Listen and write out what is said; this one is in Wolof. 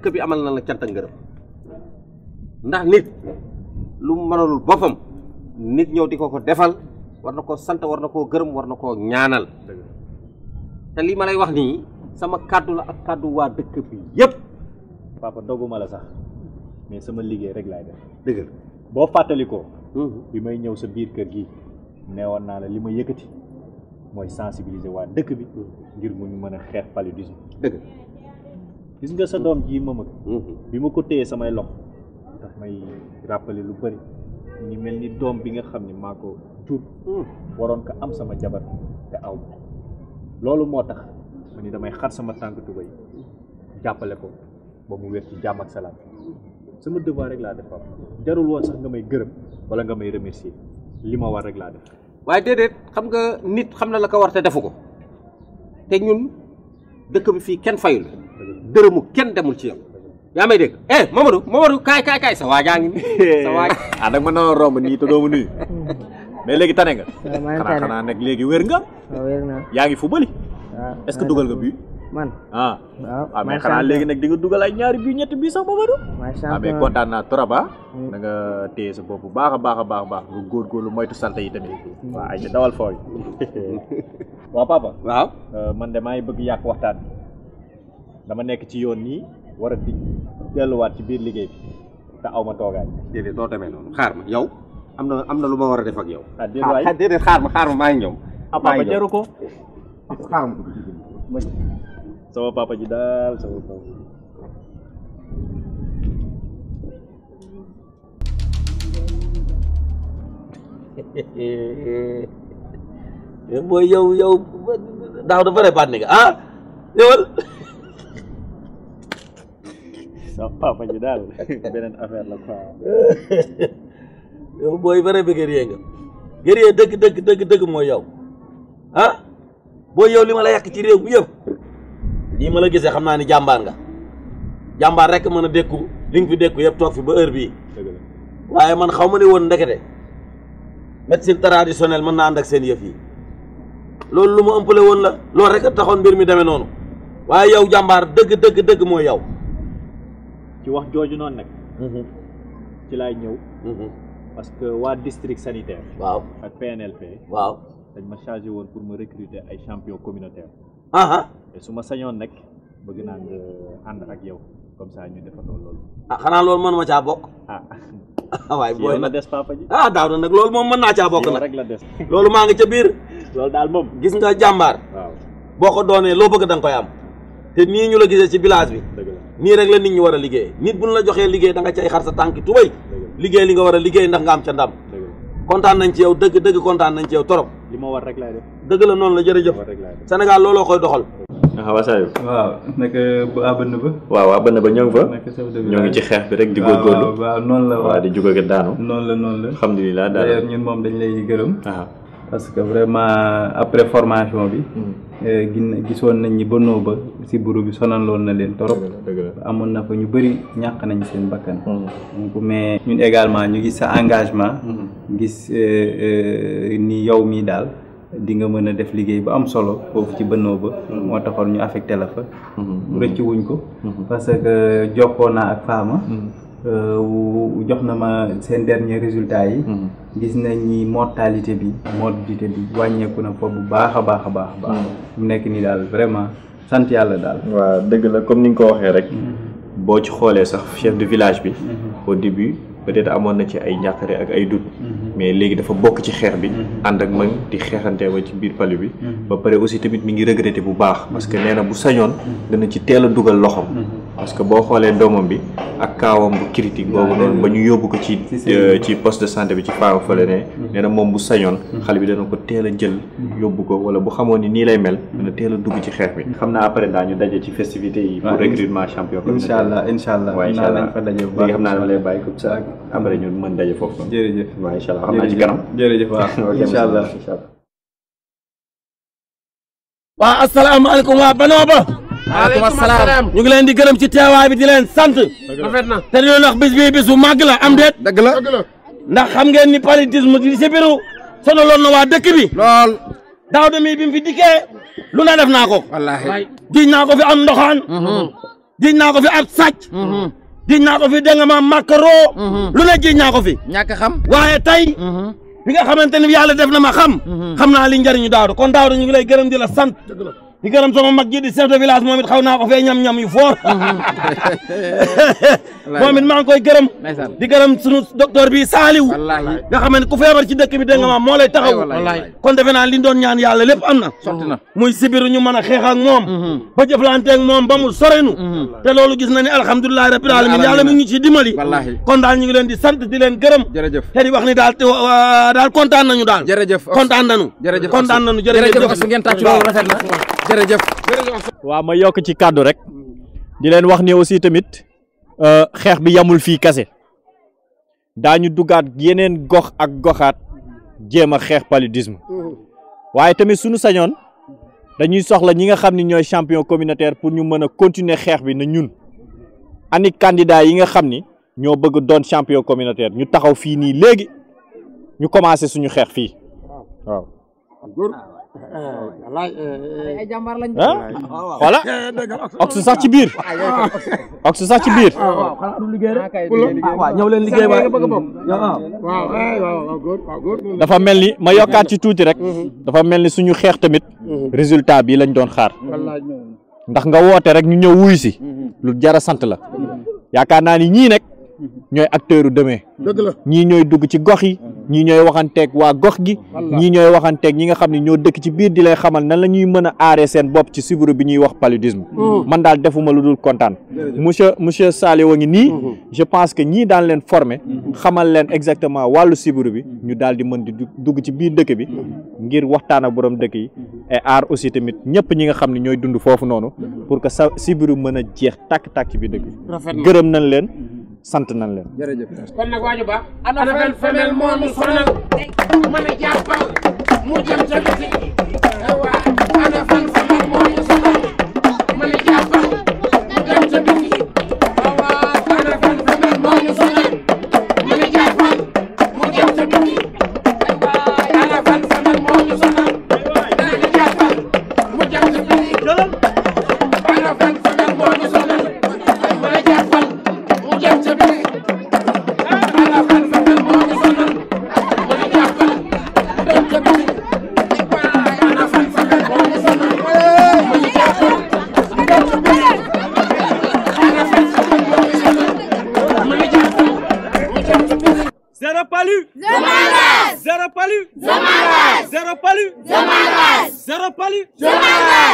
dekk bi amal na la cant ngeureum ndax nit lu mënalul bofam nit ñew diko ko defal warna ko sante warna ko geureum warna ko ñaanal te li malay wax ni sama kaddu la ak kaddu wa dekk bi yeb papa dogguma la sax mais sama liggéey rek lay def dëgg boo fàttalikoo mhm. bi may ñew sa biir kër gi neewon na la li ma moy sensibiliser wa dekk bi mhm. ngir mu ñu mëna xéx paludisme gis nga sa doom ji ma mag bi mhm. ma ko téye samay lox tax may rappelé lu bari ni mel ni doom bi nga xam mako maa mhm. Waron ka am sama jabar te aw loolu moo tax ma ni damay xar sama tu tubay jàppale ko ba mu wér ci jàmm ak salaam sama devoir rek laa def jarul woon sax nga may gërëm wala nga may remercier li war rek laa def xam nga nit xam na la ko war te defu ko te ñun bi fayul deureumu kenn demul ci yow ya may deg eh Mamadou Mamadou kay kay kay sa wajang ni sa waj ah nag ma noon romb ni te doomu nuyu mais léegi tane nga xanaa xanaa nag léegi wér nga wér na yaa ngi fubali ah, est-ce que dugal nga bi man ah ah mais xanaa léegi nag di nga dougal ay ñaari bi ñetti bi sax Mamadou ah mais contane na trop ah da mm. nga téye sa bop bu baax a baax a baax baax nga góorgóorlu moytu salte yi tamit mm. wa ay ci dawal fooy wa papa waaw euh, man de may bëgg yak waxtaan dama nekk ci yoon nii war a di delluwaat ci biir liggéey te aw ma toogaay. déedéet doo demee noonu xaar ma yow am na lu ma war a def ak yow. Ah, ah déedéet xaar ma xaar ma maa ngi ñëw. ah papa jaru ko xaar ma ma ah ñëwal. sax papa ji daal beneen affaire la quoi. yow booy bare bi guerrier nga guerrier dëgg dëgg dëgg dëgg mooy yow ah booy yow li ma la yàq ci réew mi yëpp lii ma la gisee xam naa ni jàmbaar nga jàmbaar rek mën a dékku li fi dékku yëpp toog fi ba heure bii waaye man xaw ma ne woon ndekete médecine traditionnelle mën naa ànd ak seen yëf yi loolu lu ma ëmpale woon la loolu rek a taxoon mbir mi demee noonu waaye yow jàmbaar dëgg dëgg dëgg mooy yow ci wax jooju noonu nag mhm. ci laay ñëw mhm. parce que waa district sanitaire waaw ak PNLP waaw dañ ma chargé woon pour ma recruter ay champion communautaire aha te su ma sañoon nag bëgg naa nga ànd ak yow comme ça ñu defandoo loolu ah xanaa loolu mën ma caa bokk ah waaye booy na des papa ji ah daaw na nag loolu moom mën naa caa bokk nag rek la des loolu maa ngi ca biir loolu daal moom gis nga jàmbaar waaw boo ko doonee loo bëgg da nga koy am te nii ñu la gisee ci village bi nii rek la nit ñi war a liggéey nit buñ la joxee liggéey da nga cay xar sa tànk tubay liggéey li nga war a liggéey ndax nga am ca ndam kontaan nañ ci yow dëgg dëgg kontaan nañ ci yow torop li ma war rek laay dëgg la noonu la jërëjëf Sénégal looloo koy doxal ah, waaw wasaayu waaw nekk waa bënn ba waaw waa bënn ba ñoo ngi fa ñoo ngi ci xeex bi rek di góorgóorlu waaw noonu la waaw di jóg ak daanu noonu la noonu la alhamdulilah daal ñun moom dañ lay gërëm ah. parce que vraiment après formation bi. Mm. Eh, gin gisoon nañ ñi bënnoo ba si buru bi sonaloon na leen torop amoon na fa ñu bëri ñàkk nañ seen bakkan mm. donc mais ñun également ñu gis sa engagement mm. gis eh, eh, ni yow mii daal di nga mën a def liggéey bu am solo foofu ci bënnoo ba moo taxoon ñu affecté la fa mm-hmm. rëcc wuñ ko mm-hmm. parce que jokkoo naa ak Fama Euh, jox na ma seen dernier résultat yi. Mm-hmm. gis nañ ni mortalité bi. morbidité bi wàññeeku na fa bu baax a baax a baax. Mm-hmm. mu nekk nii daal vraiment sant yàlla daal. waaw dëgg la comme ni nga ko waxee rek. Mm-hmm. boo ci xoolee sax chef de village bi. au début peut-être amoon na ci ay njàqare ak ay doute. mais léegi dafa bokk ci xeex bi. ànd ak man di xeexante ba ci biir pali bi. ba pare aussi tamit mi ngi regretté bu baax. parce que nee na bu sañoon. dana ci teel a dugal loxoom. parce que boo xoolee doomam bi ak kaawam bu critique boobu noonu ba ñu yóbbu ko ci euh, ci poste de santé bi ci faaru fële ne mm-hmm. nee na moom bu sañoon mm-hmm. xale bi dana ko teel a jël mm-hmm. yóbbu ko wala bu xamoon ni nii lay mel dana teel a dugg ci xeex bi xam naa après daañu daje ci festivité yi pour recrutement champion incha allah incha allah waaye incha allah fa daje bu baax xam naa dama lay bàyyi ko sa après ñu mën daje foofu jërëjëf waaye incha allah xam naa ci kanam jërëjëf waaw incha allah waa asalaamaaleykum waa banoo maaleykum salaam ñu ngi leen di gërëm ci teewaay bi di leen sant. rafet na te loolu wax bis bii bisu màgg la am déet. dëgg la ndax xam ngeen ni paludisme di si biiru sonaloon na waa dëkk bi. lool daaw demee bi fi dikkee lu na def naa ko. wallaahi jiñ naa ko fi am ndoxaan. jiñ mm-hmm. naa ko fi ab sàcc. jiñ mm-hmm. naa ko fi dégg nga ma makaro. Mm-hmm. lu ne jiñ naa ko fi. ñàkk xam waaye tey. bi nga xamante ni yàlla def na ma xam. xam naa li njëriñu daawdu kon daawdu ñu ngi lay gërëm di la sant. di gërëm sama mag ji di chef de village moom it xaw naa ko fee ñam-ñam yu foor moom it maa ngi koy gërëm di gërëm sunu docteur bi saaliw nga xam ne ku feebar ci dëkk bi dégg nga maam moo lay taxaw kon defe naa li ñu doon ñaan yàlla lépp am na muy sibiru ñu mën a xeex ak moom mm-hmm. ba jëflante ak moom ba mu sorenu mm-hmm. te loolu gis na ni alhamdulilahi rabbil alamin yàlla mi ngi ci dimbali kon daal ñu ngi leen di sant di leen gërëm te di wax ni daal daal kontaan nañu daal kontaan nañu kontaan nañu jërëjëf ngeen tàcc loolu rafet na jërëjëf waaw ma yokk ci kàddu rek di leen wax ne aussi tamit euh, xeex bi yamul fii kase daañu duggaat yeneen gox ak goxaat jéem a xeex paludisme waaye tamit suñu sañoon dañuy soxla ñi nga xam ni ñooy champion communautaire pour ñu mën a continuer xeex bi na ñun ani kandidaa yi nga xam ni ñoo bëgg doon champion communautaire ñu taxaw fii nii léegi ñu commencé suñu xeex fii waaw Eh, eh, ay jàmbaar lañ ah, voilà eh, oxy sax ci biir leen liggéey dafa mel ni ma yokkaat ci tuuti rek mm-hmm. dafa mel ni suñu xeex tamit mm-hmm. résultat bi lañ doon xaar ndax nga woote rek ñu ñëw wuy si mm-hmm. lu jara sant la yaakaar naa ni ñii Mhm. ñooy acteur u demain ñii ñooy dugg ci gox yi mhm. ñii ñooy waxanteek waa gox gi ñii ñooy waxanteek ñi nga xam ne ñoo dëkk ci biir di lay xamal nan la ñuy mën a seen bopp ci sibiru bi ñuy wax paludisme mhm. man daal defuma lu dul kontaan monsieur monsieur Saliou a ngi nii je pense que ñii daan leen former xamal leen exactement wàllu sibiru bi ñu daal di mën di dugg ci biir dëkk bi ngir waxtaan ak borom dëkk yi et aar aussi tamit ñëpp ñi nga xam ne ñooy dund foofu noonu pour que sa sibiru mën a jeex tàkk-tàkk bi gërëm nañ sant nañ leen. jërëjëf nag waaju baax. ana fen femel moo nu sonal. mën a jàppal mu jëm ca biti. waaw femel moo nu sonal. mën a jàppal mu jëm ca biti. waaw ana femel moo nu sonal. palu. Zéro palu. Zéro palu.